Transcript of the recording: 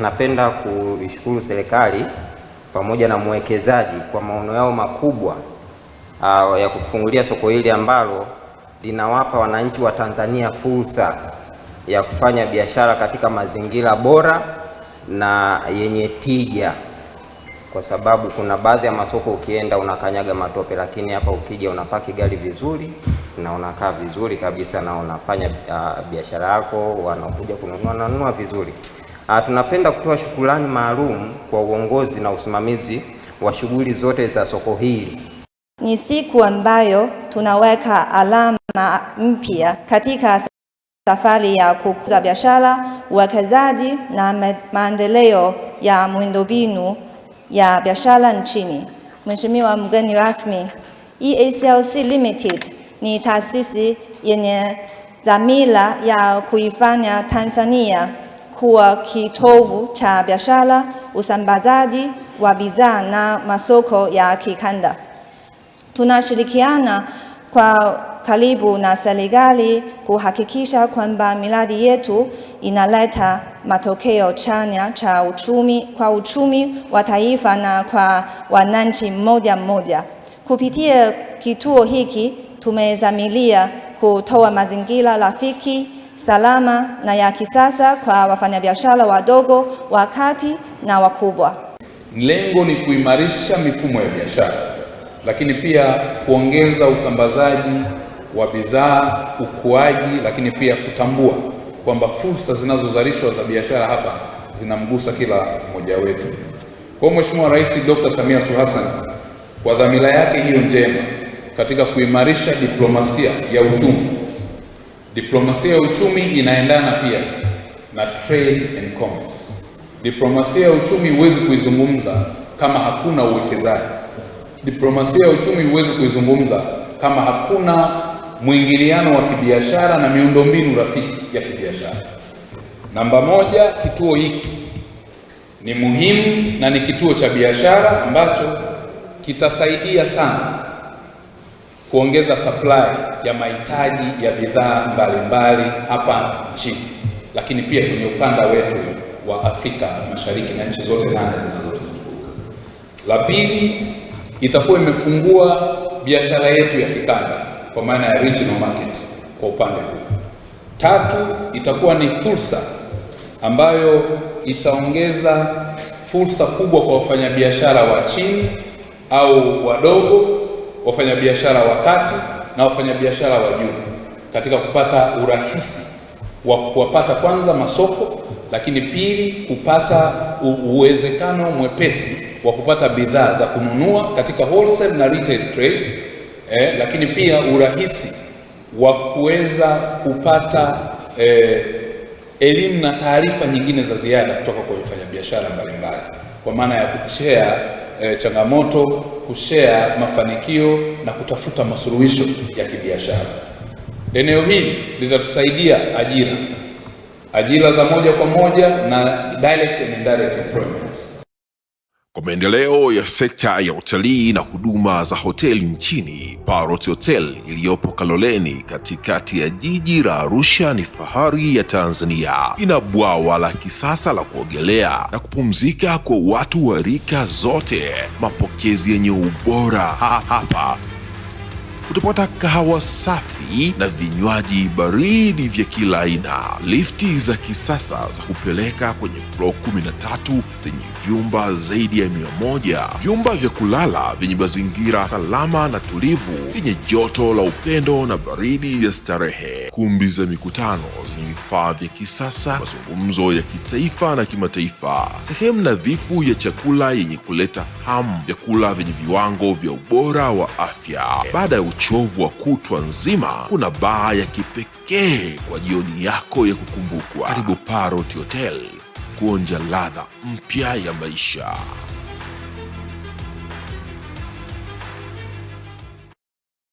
napenda kuishukuru serikali pamoja na mwekezaji kwa maono yao makubwa uh, ya kutufungulia soko hili ambalo linawapa wananchi wa Tanzania fursa ya kufanya biashara katika mazingira bora na yenye tija, kwa sababu kuna baadhi ya masoko ukienda unakanyaga matope, lakini hapa ukija unapaki gari vizuri na unakaa vizuri kabisa na unafanya uh, biashara yako, wanakuja kununua nanunua vizuri. Ah, tunapenda kutoa shukrani maalum kwa uongozi na usimamizi wa shughuli zote za soko hili. Ni siku ambayo tunaweka alama mpya katika safari ya kukuza biashara, uwekezaji na maendeleo ya miundombinu ya biashara nchini. Mheshimiwa mgeni rasmi, EACLC Limited ni taasisi yenye dhamira ya kuifanya Tanzania kuwa kitovu cha biashara, usambazaji wa bidhaa na masoko ya kikanda. Tunashirikiana kwa karibu na serikali kuhakikisha kwamba miradi yetu inaleta matokeo chanya cha uchumi, kwa uchumi wa taifa na kwa wananchi mmoja mmoja. Kupitia kituo hiki tumezamilia kutoa mazingira rafiki salama na ya kisasa kwa wafanyabiashara wadogo, wa kati na wakubwa. Lengo ni kuimarisha mifumo ya biashara, lakini pia kuongeza usambazaji wa bidhaa, ukuaji, lakini pia kutambua kwamba fursa zinazozalishwa za biashara hapa zinamgusa kila mmoja wetu. Kwa Mheshimiwa Rais Dr. Samia Suluhu Hassan kwa dhamira yake hiyo njema katika kuimarisha diplomasia ya uchumi Diplomasia ya uchumi inaendana pia na trade and commerce. Diplomasia ya uchumi huwezi kuizungumza kama hakuna uwekezaji. Diplomasia ya uchumi huwezi kuizungumza kama hakuna mwingiliano wa kibiashara na miundombinu rafiki ya kibiashara. Namba moja, kituo hiki ni muhimu na ni kituo cha biashara ambacho kitasaidia sana kuongeza supply ya mahitaji ya bidhaa mbalimbali hapa nchini, lakini pia kwenye ukanda wetu wa Afrika Mashariki na nchi zote nane zinazotuzunguka. La pili, itakuwa imefungua biashara yetu ya kikanda kwa maana ya regional market kwa upande huu. Tatu, itakuwa ni fursa ambayo itaongeza fursa kubwa kwa wafanyabiashara wa chini au wadogo wafanyabiashara wa kati na wafanyabiashara wa juu katika kupata urahisi wa kuwapata kwanza masoko, lakini pili kupata uwezekano mwepesi wa kupata bidhaa za kununua katika wholesale na retail trade eh, lakini pia urahisi wa kuweza kupata eh, elimu na taarifa nyingine za ziada kutoka kwa wafanyabiashara mbalimbali kwa maana ya kuchea e, changamoto, kushare mafanikio na kutafuta masuluhisho ya kibiashara. Eneo hili litatusaidia ajira, ajira za moja kwa moja na direct and indirect employments. Kwa maendeleo ya sekta ya utalii na huduma za hoteli nchini, Parrot Hotel iliyopo Kaloleni katikati ya jiji la Arusha ni fahari ya Tanzania. Ina bwawa la kisasa la kuogelea na kupumzika kwa watu wa rika zote, mapokezi yenye ubora. Hapa utapata kahawa safi na vinywaji baridi vya kila aina, lifti za kisasa za kupeleka kwenye flo 13 zenye vyumba zaidi ya mia moja, vyumba vya kulala vyenye mazingira salama na tulivu, vyenye joto la upendo na baridi ya starehe, kumbi za mikutano ni hifadhi ya kisasa, mazungumzo ya kitaifa na kimataifa, sehemu nadhifu ya chakula yenye kuleta hamu, vyakula vyenye viwango vya ubora wa afya. Baada ya uchovu wa kutwa nzima, kuna baa ya kipekee kwa jioni yako ya kukumbukwa. Karibu Parrot Hotel kuonja ladha mpya ya maisha.